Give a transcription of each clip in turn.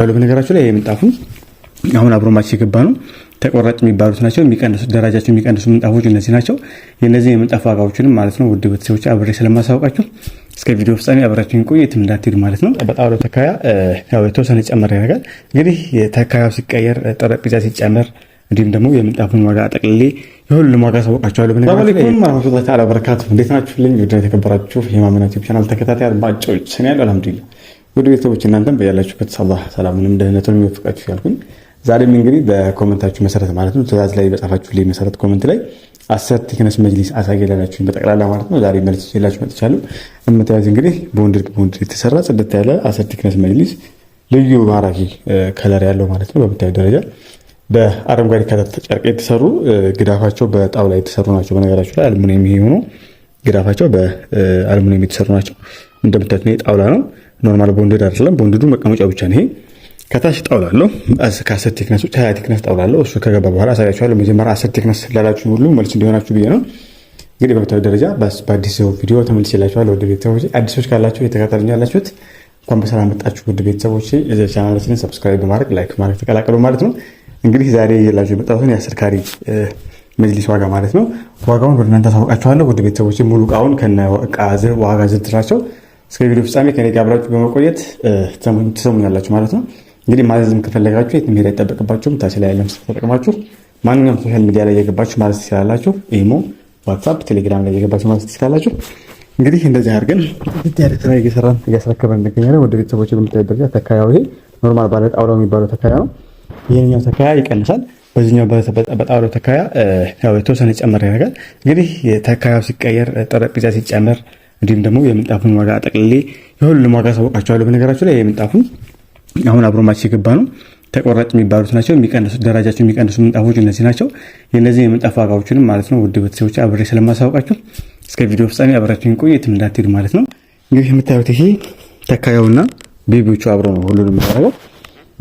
ባሉ በነገራችሁ ላይ የምንጣፉ አሁን አብሮ ማች የገባ ነው። ተቆራጭ የሚባሉት ናቸው። ደረጃቸው የሚቀንሱ ምንጣፎች እነዚህ ናቸው። የእነዚህ የምንጣፍ ዋጋዎችንም ማለት ነው ውድ ቤተሰቦች አብሬ ስለማሳወቃችሁ እስከ ቪዲዮ ፍጻሜ አብራችን ቆየት የትም እንዳትሄዱ ማለት ነው። በጣውላ ተካያ ያው የተወሰነ ጨመር ያደርጋል። እንግዲህ ተካያው ሲቀየር፣ ጠረጴዛ ሲጨመር እንዲሁም ደግሞ የምንጣፉን ዋጋ አጠቅልሌ የሁሉም ዋጋ አሳወቃችኋለሁ። በነገራችሁም ረመቱላ ተዓላ በረካቱ። እንዴት ናችሁልኝ? ውድ የተከበራችሁ የማመና ዩቲዩብ ቻናል ተከታታይ አድማጮች ስን ያሉ አልሐምዱሊላህ ውድ ቤተሰቦች እናንተም በያላችሁበት አላህ ሰላሙንም ደህንነቱን የሚወፍቃችሁ ያልኩኝ ዛሬም እንግዲህ በኮመንታችሁ መሰረት ማለት ነው ትእዛዝ ላይ በጻፋችሁ ላይ መሰረት ኮመንት ላይ አስር ቴክነስ መጅሊስ አሳጌላላችሁ በጠቅላላ ማለት ነው ዛሬ መልስ ይዤላችሁ መጥቻለሁ። የምታዩት እንግዲህ በወንድድ በወንድድ የተሰራ ጽድት ያለ አስር ቴክነስ መጅሊስ ልዩ ማራኪ ከለር ያለው ማለት ነው። በምታዩት ደረጃ በአረንጓዴ ከለር ጨርቅ የተሰሩ ግዳፋቸው በጣውላ የተሰሩ ናቸው። በነገራችሁ ላይ አልሙኒየም የሆኑ ግዳፋቸው በአልሙኒየም የተሰሩ ናቸው። እንደምታዩት ነው ጣውላ ነው። ኖርማል ቦንድድ አይደለም። ቦንድዱ መቀመጫ ብቻ ነው። ይሄ ከታች ጣውላ አለው። ከአስር ቴክነስ ውጭ ሀያ ቴክነስ ጣውላ አለው። እሱ ከገባ በኋላ አሳያችኋለሁ። መጀመሪያ አስር ቴክነስ ላላችሁ ሁሉ መልስ እንዲሆናችሁ ብዬ ነው። እንግዲህ በምታዩት ደረጃ በአዲስ ቪዲዮ ተመልሼ እላችኋለሁ። ወደ ቤተሰቦች አዲሶች ካላችሁ እየተከታተሉኝ ያላችሁት እንኳን በሰላም መጣችሁ። ውድ ቤተሰቦች ቻናላችንን ሰብስክራይብ በማድረግ ላይክ ማድረግ ተቀላቀሉ ማለት ነው። እንግዲህ ዛሬ የላችሁ የመጣሁትን የአስር ካሬ መጅሊስ ዋጋ ማለት ነው። ዋጋውን ወደ እናንተ አሳውቃችኋለሁ። ውድ ቤተሰቦች ሙሉ እቃውን ከነ ዋጋ ዝርዝራቸው እስከ ቪዲዮ ፍጻሜ ከኔ ጋር አብራችሁ በመቆየት ትሰሙኛላችሁ ማለት ነው። እንግዲህ ማዘዝም ከፈለጋችሁ የት መሄድ አይጠበቅባችሁም። ታች ላይ ያለም ተጠቅማችሁ ማንኛውም ሶሻል ሚዲያ ላይ እየገባችሁ ማለት ትችላላችሁ። ኢሞ፣ ዋትሳፕ፣ ቴሌግራም ላይ እየገባችሁ ማለት ትችላላችሁ። እንግዲህ እንደዚህ አድርገን ስራ እየሰራን እያስረከበ እንገኛለን። ወደ ቤተሰቦች በምታይ ደረጃ ተካያው ይሄ ኖርማል ባለ ጣውላ የሚባለው ተካያ ነው። ይህኛው ተካያ ይቀንሳል። በዚህኛው በጣውላው ተካያ የተወሰነ ጨመር ያደርጋል። እንግዲህ ተካያው ሲቀየር ጠረጴዛ ሲጨመር እንዲሁም ደግሞ የምንጣፉን ዋጋ አጠቅልሌ የሁሉንም ዋጋ አሳውቃቸዋለሁ። በነገራችሁ ላይ የምንጣፉን አሁን አብሮ ማች የገባ ነው። ተቆራጭ የሚባሉት ናቸው። የሚቀንሱ ደረጃቸው የሚቀንሱ ምንጣፎች እነዚህ ናቸው። የእነዚህ የምንጣፍ ዋጋዎችንም ማለት ነው ውድ ቤተሰቦች አብሬ ስለማሳውቃቸው እስከ ቪዲዮ ፍጻሜ አብራችሁን ቆየት የትም እንዳትሄዱ ማለት ነው። እንግዲህ የምታዩት ይሄ ተካዩና ቤቢዎቹ አብሮ ነው ሁሉንም ያደረገው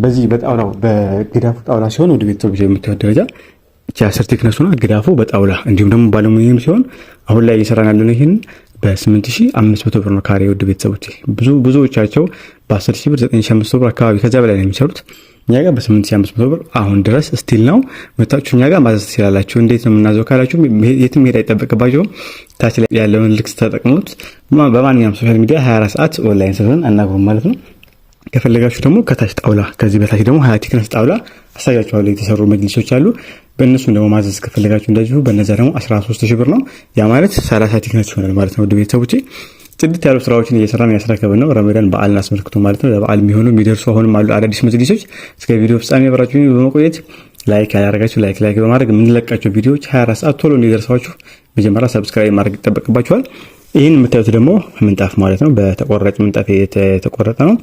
በዚህ በጣውላው በግዳፉ ጣውላ ሲሆን ውድ ቤተሰቦች የምታዩት ደረጃ እቺ አስር ቴክነሱና ግዳፉ በጣውላ እንዲሁም ደግሞ ባለሙያም ሲሆን አሁን ላይ እየሰራን ያለነው ይህን በ8500 ብር ነው ካሬ። ውድ ቤተሰቦች ብዙ ብዙዎቻቸው በ10 ብር 9500 ብር አካባቢ ከዚያ በላይ ነው የሚሰሩት። እኛ ጋር በ8500 ብር አሁን ድረስ ስቲል ነው መታችሁ እኛ ጋር ማዘዝ ትችላላችሁ። እንዴት ነው የምናዘው ካላችሁ የትም ሄድ አይጠበቅባቸውም። ታች ላይ ያለውን ልክ ተጠቅሙት። በማንኛውም ሶሻል ሚዲያ 24 ሰዓት ኦንላይን ሰርተን አናግሩም ማለት ነው። ከፈለጋችሁ ደግሞ ከታች ጣውላ ከዚህ በታች ደግሞ ሀያ ቲክነስ ጣውላ አሳያችኋለሁ። የተሰሩ መጅልሶች አሉ። በእነሱም ደግሞ ማዘዝ ከፈለጋችሁ እንደዚሁ በነዚያ ደግሞ 13 ሺህ ብር ነው። ያ ማለት 30 ቲክነች ይሆናል ማለት ነው። ውድ ቤተሰቦቼ ጽድት ያሉ ስራዎችን እየሰራን ያስረከብን ነው። ረመዳን በዓልን አስመልክቶ ማለት ነው። ለበዓል የሚሆኑ የሚደርሱ አሁንም አሉ አዳዲስ መዝሊሶች። እስከ ቪዲዮ ፍጻሜ አብራችሁ በመቆየት ላይክ ያላደረጋችሁ ላይክ ላይክ በማድረግ የምንለቃቸው ቪዲዮዎች 24 ሰዓት ቶሎ እንዲደርሳችሁ መጀመሪያ ሰብስክራይብ ማድረግ ይጠበቅባችኋል። ይህን የምታዩት ደግሞ ምንጣፍ ማለት ነው። በተቆራጭ ምንጣፍ የተቆረጠ ነው።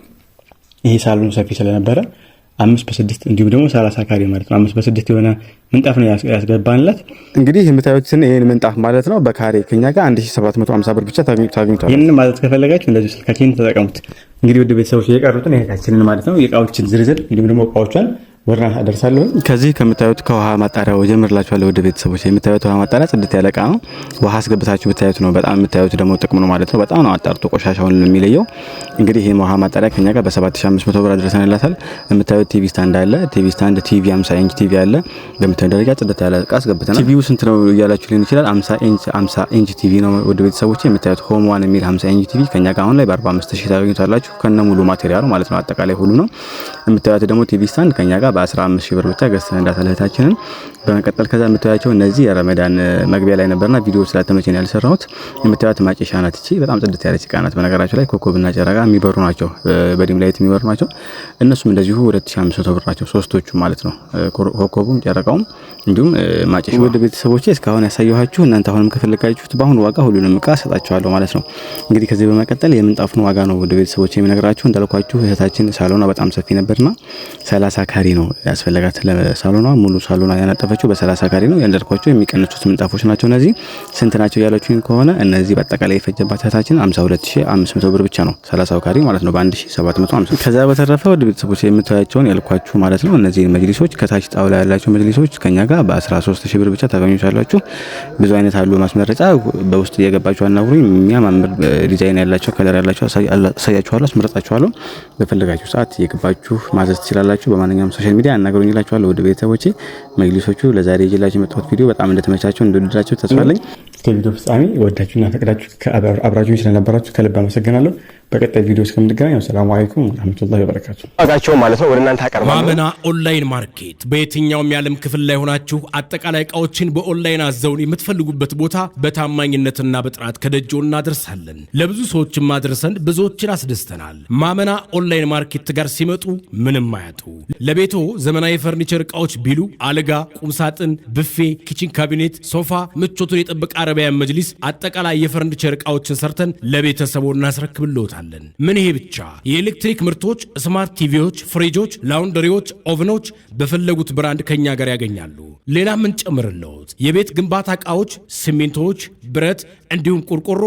ይሄ ሳሎን ሰፊ ስለነበረ አምስት በስድስት እንዲሁም ደግሞ ሰላሳ ካሬ ማለት ነው። አምስት በስድስት የሆነ ምንጣፍ ነው ያስገባንላት። እንግዲህ የምታዩትን ይህን ምንጣፍ ማለት ነው በካሬ ከኛ ጋር 1750 ብር ብቻ ታግኝቷል። ይህን ማለት ከፈለጋችሁ እንደዚህ ስልካችንን ተጠቀሙት። እንግዲህ ውድ ቤተሰቦች የቀሩትን ይህታችንን ማለት ነው የእቃዎችን ዝርዝር እንዲሁም ደግሞ እቃዎቿን ወራ አደርሳለሁ። ከዚህ ከምታዩት ከውሃ ማጣሪያው ጀምርላችኋለሁ። ወደ ቤተሰቦች የምታዩት ውሃ ማጣሪያ ጽድት ያለቃ ነው። ውሃ አስገብታችሁ ብታዩት ነው በጣም የምታዩት ደግሞ ጥቅሙ ነው ማለት ነው። በጣም ነው አጣርቶ ቆሻሻውን የሚለየው። እንግዲህ ይህ ውሃ ማጣሪያ ከኛ ጋር በ7500 ብር አድርሰንላታል። የምታዩት ቲቪ ስታንድ አለ። ቲቪ ስታንድ ቲቪ 50 ኢንች ቲቪ አለ። በምታዩ ደረጃ ጽድት ያለቃ እቃ አስገብተናል። ቲቪው ስንት ነው እያላችሁ ሊሆን ይችላል። 50 ኢንች 50 ኢንች ቲቪ ነው ወደ ቤተሰቦች የምታዩት ሆም ዋን የሚል 50 ኢንች ቲቪ ከኛ ጋር አሁን ላይ በ45000 ታገኙታላችሁ ከነ ሙሉ ማቴሪያሉ ማለት ነው። አጠቃላይ ሁሉ ነው የምታዩት ደግሞ ቲቪ ስታንድ ከኛ ጋር በ15 ሺህ ብር ብቻ ገዝተን እንዳታለታችንን በመቀጠል ከዛ የምታያቸው እነዚህ የረመዳን መግቢያ ላይ ነበርና ቪዲዮ ስላልተመቸኝ ነው ያልሰራሁት። የምታዩት ማጨሻ ናት። እቺ በጣም ጽድት ያለች እቃ ናት። በነገራቸው ላይ ኮከብና ጨረቃ የሚበሩ ናቸው፣ በዲም ላይት የሚበሩ ናቸው። እነሱም እንደዚሁ 2500 ብር ናቸው ሶስቶቹ ማለት ነው፣ ኮከቡም ጨረቃውም እንዲሁም ማጨሻ። ውድ ቤተሰቦች እስካሁን ያሳየኋችሁ እናንተ አሁንም ከፈለጋችሁት በአሁኑ ዋጋ ሁሉንም እቃ ሰጣችኋለሁ ማለት ነው። እንግዲህ ከዚህ በመቀጠል የምንጣፉን ዋጋ ነው ውድ ቤተሰቦች የሚነግራችሁ። እንዳልኳችሁ እህታችን ሳሎኗ በጣም ሰፊ ነበርና 30 ካሬ ነው ያስፈለጋት ለሳሎና ሙሉ ሳሎና ያነጠፈ ምንጣፎቹ በ30 ካሬ ነው ያንደርኳቸው። የሚቀንሱት ምንጣፎች ናቸው እነዚህ። ስንት ናቸው ያላችሁኝ ከሆነ እነዚህ በአጠቃላይ የፈጀባት 52500 ብር ብቻ ነው 30 ካሬ ማለት ነው በ1750። ከዛ በተረፈ ወደ ቤተሰቦች የምታያቸውን ያልኳችሁ ማለት ነው እነዚህ መጅሊሶች፣ ከታች ጣውላ ያላቸው መጅሊሶች ከኛ ጋር በ13000 ብር ብቻ ታገኙቻላችሁ። ብዙ አይነት አሉ ማስመረጫ። በውስጥ እየገባችሁ አናግሩኝ። የሚያማምር ዲዛይን ያላቸው ከለር ያላቸው አሳያችኋለሁ፣ አስመረጣችኋለሁ። በፈለጋችሁ ሰዓት እየገባችሁ ማዘዝ ትችላላችሁ። በማንኛውም ሶሻል ሚዲያ አናግሩኝ እላችኋለሁ ወደ ቤተሰቦቼ መጅሊሶቹ ለዛሬ ይዤላችሁ የመጣሁት ቪዲዮ በጣም እንደተመቻቸው እንደወደዳቸው ተስፋለኝ እስከ ቪዲዮ ፍጻሜ ወዳችሁና ፈቅዳችሁ አብራችሁ ስለነበራችሁ ከልብ አመሰግናለሁ። በቀጣይ ቪዲዮ እስከምንገናኝ ሰላም አለይኩም ወረሕመቱላሂ ወበረካቱ። ዋጋቸው ማለት ነው ወደ እናንተ አቀርባለሁ። ማመና ኦንላይን ማርኬት በየትኛውም የዓለም ክፍል ላይ ሆናችሁ አጠቃላይ እቃዎችን በኦንላይን አዘውን የምትፈልጉበት ቦታ በታማኝነትና በጥራት ከደጅዎ እናደርሳለን። ለብዙ ሰዎች ማድረሰን ብዙዎችን አስደስተናል። ማመና ኦንላይን ማርኬት ጋር ሲመጡ ምንም አያጡ። ለቤቶ ዘመናዊ ፈርኒቸር እቃዎች ቢሉ አልጋ፣ ቁምሳጥን፣ ብፌ፣ ኪችን ካቢኔት፣ ሶፋ፣ ምቾቱን የጠበቀ አረቢያን መጅሊስ፣ አጠቃላይ የፈርኒቸር እቃዎችን ሰርተን ለቤተሰቦ እናስረክብልዎታል። እንሰጣለን። ምን ይሄ ብቻ የኤሌክትሪክ ምርቶች፣ ስማርት ቲቪዎች፣ ፍሪጆች፣ ላውንደሪዎች፣ ኦቨኖች በፈለጉት ብራንድ ከኛ ጋር ያገኛሉ። ሌላ ምን ጨምርለውት? የቤት ግንባታ እቃዎች ሲሚንቶዎች፣ ብረት፣ እንዲሁም ቆርቆሮ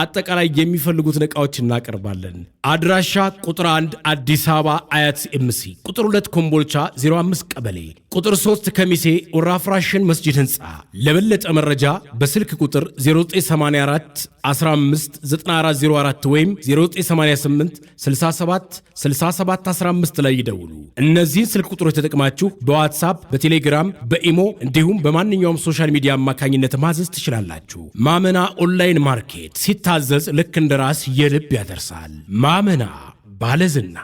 አጠቃላይ የሚፈልጉትን እቃዎች እናቀርባለን። አድራሻ ቁጥር 1 አዲስ አበባ አያት ኤምሲ፣ ቁጥር 2 ኮምቦልቻ 05 ቀበሌ፣ ቁጥር 3 ከሚሴ ወራፍራሽን መስጂድ ህንፃ። ለበለጠ መረጃ በስልክ ቁጥር 0984 15 9404 ወይም 0988 67 67 15 ላይ ይደውሉ። እነዚህን ስልክ ቁጥሮች ተጠቅማችሁ በዋትሳፕ በቴሌግራም በኢሞ እንዲሁም በማንኛውም ሶሻል ሚዲያ አማካኝነት ማዘዝ ትችላላችሁ። ማመና ኦንላይን ማርኬት ሲታዘዝ ልክ እንደ ራስ የልብ ያደርሳል። ማመና ባለዝና